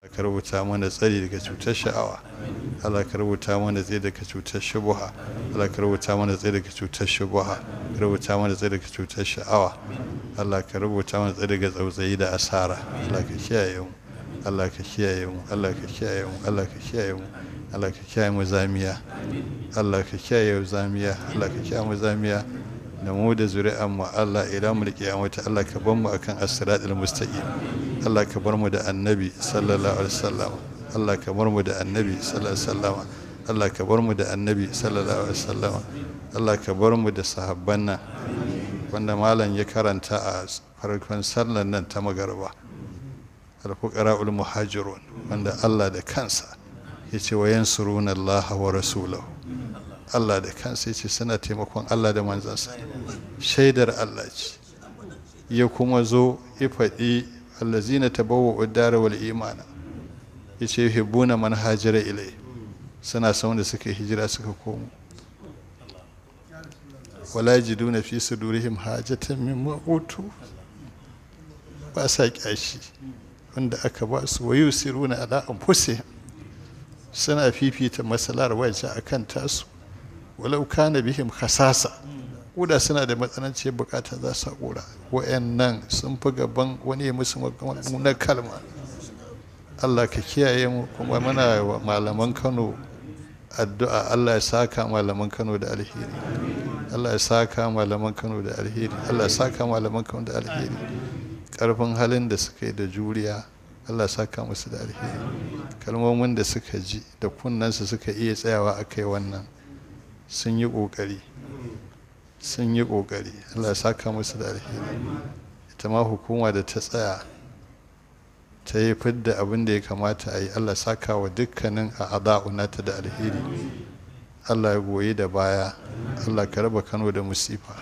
Allah ka rubuta mana tsari daga cutar sha'awa Allah ka rubuta mana tsari daga cutar shubuha Allah ka rubuta mana tsari daga cutar shubuha ka rubuta mana tsari daga cutar sha'awa Allah ka rubuta mana tsari daga tsautsayi da asara Allah ka kiyaye mu Allah ka kiyaye mu Allah ka kiyaye mu Allah ka kiyaye mu Allah ka kiyaye mu zamiya Allah ka kiyaye mu zamiya Allah ka kiyaye mu zamiya da mu da zuri'an mu Allah ila mulki ya mutu Allah ka ban mu akan as-siratal mustaqim Allah ka bar mu da annabi sallallahu alaihi wasallam Allah ka bar mu da annabi sallallahu alaihi wasallam Allah ka bar mu da annabi sallallahu alaihi wasallam Allah ka bar mu da sahabban nan wanda malam ya karanta a farkon sallar nan ta magarba al ul muhajirun wanda Allah da kansa ya ce wa yansuruna Allah wa rasulahu Allah da kansa ya ce suna taimakon Allah da manzansa shaidar Allah ce ya kuma zo ya allazina tabawwa'u ad-dara wal imana yace hibuna man hajara ilai suna son da suka hijira suka komo wala yajiduna fi sudurihim hajatan mimma utu ba sa kyashi wanda aka ba su wayu siruna ala anfusihim suna fifita masalar wajen akan tasu walau kana bihim khasasa koda suna da matsananciyar bukata za su haƙura nan sun fi gaban wani ya musu na kalma allah ka kiyaye mu kuma muna wa malaman kano addu'a allah ya saka malaman kano da alheri allah ya saka malaman kano da alheri allah ya saka malaman kano da alheri karfin halin da suka yi da juriya allah ya saka musu da alheri kalmomin da suka ji da kunnansu suka iya tsayawa a kai wannan sun yi ƙoƙari sun yi ƙoƙari allah ya saka musu da alheri ita ma hukuma da ta tsaya ta yi fidda abin da ya kamata a yi allah ya saka wa dukkanin a nata da alheri allah ya goyi da baya allah ka raba kano da musifa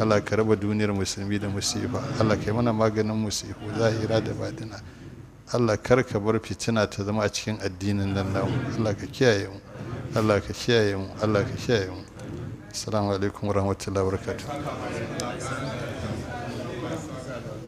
allah ka raba duniyar musulmi da musifa allah ka yi mana maganin musifu zahira da badina allah kar ka bar fitina ta zama a cikin addinin nan namu allah ka kiyaye mu allah ka kiyaye mu allah ka kiyaye mu assalamu alaikum warahmatullahi wabarakatuh